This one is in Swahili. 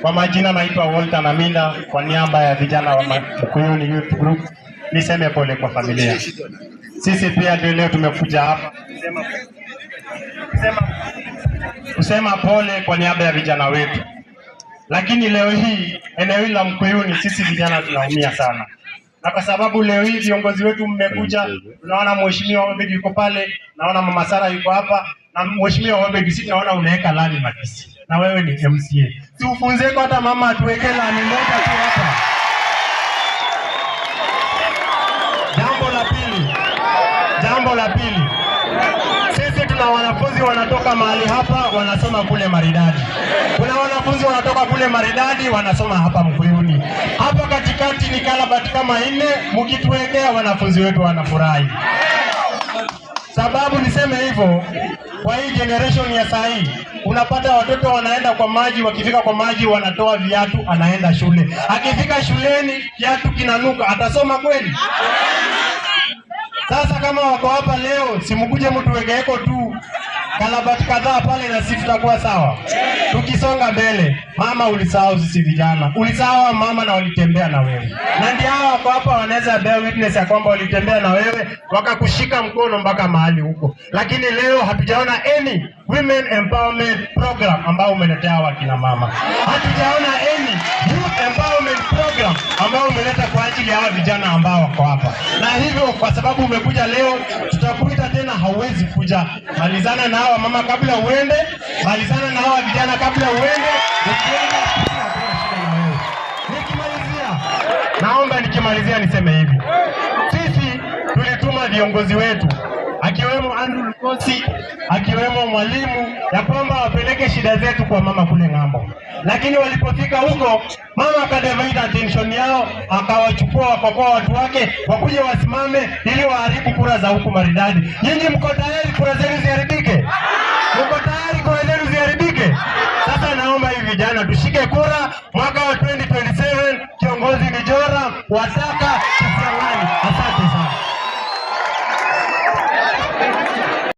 Kwa majina naitwa Walter Namina, kwa niaba ya vijana wa Mkuyuni Youth Group niseme pole kwa familia. Sisi pia ndio leo tumekuja hapa kusema, kusema pole kwa niaba ya vijana wetu, lakini leo hii eneo hili la Mkuyuni sisi vijana tunaumia sana, na kwa sababu leo hii viongozi wetu mmekuja, tunaona mheshimiwa yuko pale, naona mama Sara yuko hapa na mheshimiwa wa babysitter, naona unaweka lani madisi, na wewe ni MCA, si kwa hata mama atuweke lani moja tu hapa. Jambo la pili, jambo la pili, sisi tuna wanafunzi wanatoka mahali hapa wanasoma kule Maridadi, kuna wanafunzi wanatoka kule Maridadi wanasoma hapa Mkuyuni, hapa katikati ni karabati kama nne. Mkituwekea wanafunzi wetu wanafurahi. Sababu niseme hivyo, kwa hii generation ya saa hii unapata watoto wanaenda kwa maji, wakifika kwa maji wanatoa viatu, anaenda shule. Akifika shuleni kiatu kinanuka, atasoma kweli? Sasa kama wako hapa leo, simkuje mtu wegeeko tu kalabati kadhaa pale na sisi tutakuwa sawa. Tukisonga mbele, mama, ulisahau sisi vijana, ulisahau mama na walitembea na wewe, na ndio hawa wako hapa wanaweza bear witness ya kwamba walitembea na wewe wakakushika mkono mpaka mahali huko, lakini leo hatujaona any women empowerment program ambao umeletea wakina mama, hatujaona ambao umeleta kwa ajili ya hawa vijana ambao wako hapa, na hivyo kwa sababu umekuja leo, tutakuita tena. Hauwezi kuja, malizana na hawa mama kabla uende, malizana na hawa vijana kabla uende. Nikimalizia, naomba nikimalizia niseme hivi, sisi tulituma viongozi wetu akiwemo Andrew Lukosi akiwemo mwalimu ya kwamba wapeleke shida zetu kwa mama kule ng'ambo, lakini walipofika huko mama akadeva attention yao, akawachukua wakakoa watu wake wakuje wasimame ili waharibu kura za huku Maridadi. Nyinyi mko tayari kura zenu ziharibike? Mko tayari kura zenu ziharibike? Sasa naomba hivi vijana tushike kura mwaka wa 2027 kiongozi Mijora wataka